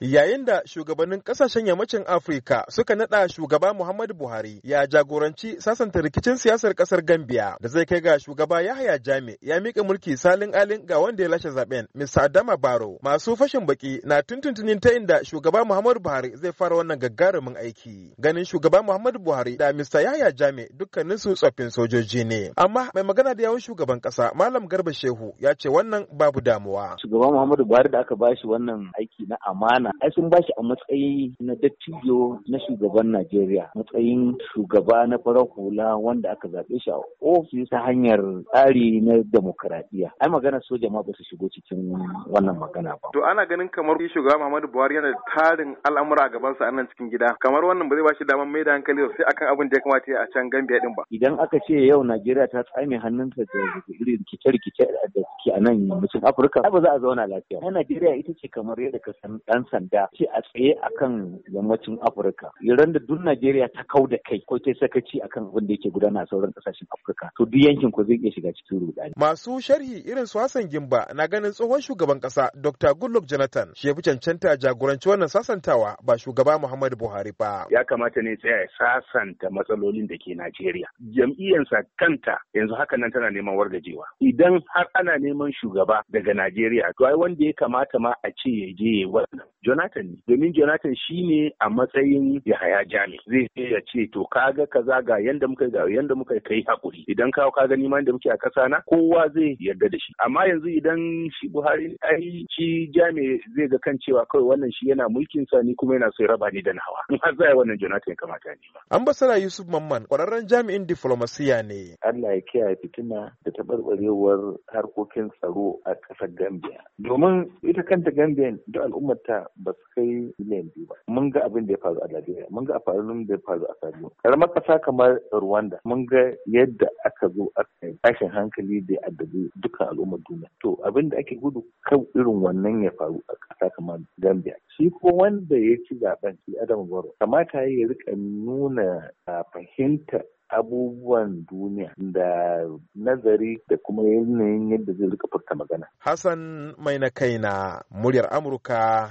Yayin da shugabannin kasashen yammacin Afirka suka nada shugaba Muhammadu Buhari ya jagoranci sasanta rikicin siyasar kasar Gambia da zai kai ga shugaba Yahaya Jami ya mika mulki salin alin ga wanda ya lashe zaben Mr. Adama Baro. Masu fashin baki na tuntuntunin ta inda shugaba Muhammadu Buhari zai fara wannan gagarumin aiki. Ganin shugaba Muhammadu Buhari da Mr. Yahaya Jami dukkanin su tsoffin sojoji ne. Amma mai magana da yawun shugaban kasa Malam Garba Shehu ya ce wannan babu damuwa. Shugaba Muhammadu Buhari da aka bashi wannan aiki na amana Ghana ai sun shi a matsayi na dattijo na shugaban Najeriya matsayin shugaba na farar hula wanda aka zaɓe shi a ofis ta hanyar tsari na demokradiyya ai magana soja ma ba su shigo cikin wannan magana ba to ana ganin kamar shugaba Muhammadu Buhari yana da tarin al'amura a sa a nan cikin gida kamar wannan ba zai bashi damar mai da hankali sai akan abin da ya kamata a can Gambia din ba idan aka ce yau Najeriya ta tsame hannunta da irin rikice-rikice da suke a nan yammacin Afirka ba za a zauna lafiya Najeriya ita ce kamar yadda ka san sanda ce a tsaye akan yammacin Afirka. Iran da duk Najeriya ta kau da kai ko ta sakaci akan abin da yake gudana a sauran kasashen Afirka. To duk yankin ko zai iya shiga cikin rudani. Masu sharhi irin su Hassan Gimba na ganin tsohon shugaban kasa Dr. Goodluck Jonathan shi ya fi cancanta jagoranci wannan sasantawa ba shugaba Muhammadu Buhari ba. Ya kamata ne tsaya ya sasanta matsalolin da ke Najeriya. Jam'iyyarsa kanta yanzu haka nan tana neman wargajewa. Idan har ana neman shugaba daga Najeriya to ai wanda ya kamata ma a ce ya je wannan Jonathan domin Jonathan shi ne a matsayin Yahaya Jami zai ce ya ce to kaga kaza ga yanda muka ga yanda muka kai hakuri idan ka ka gani ma muke a kasa na kowa zai yarda da shi amma yanzu idan shi Buhari ai shi Jami zai ga kan cewa kawai wannan shi yana mulkin sa ni kuma yana so ya raba ni da nawa in har zai wannan Jonathan ya kamata ne ba Ambassador Yusuf Mamman kwararren jami'in diflomasiya ne Allah ya kiyaye fitina da tabarbarewar harkokin tsaro a ƙasar Gambia domin ita kanta Gambia da al'ummar ta ba su kai miliyan biyu ba mun ga abin da ya faru a Najeriya mun ga afarin da ya faru a Sadiyo karamar ƙasa kamar Rwanda mun ga yadda aka zo kai tashin hankali da addabi duka al'ummar duniya to abin da ake gudu kan irin wannan ya faru a ƙasa kamar Gambia shi ko wanda ya ci zaɓen shi Adamu Barrow kamata ya rika nuna fahimta abubuwan duniya da nazari da kuma yanayin yadda zai rika furta magana. Hassan mai na kai na muryar Amurka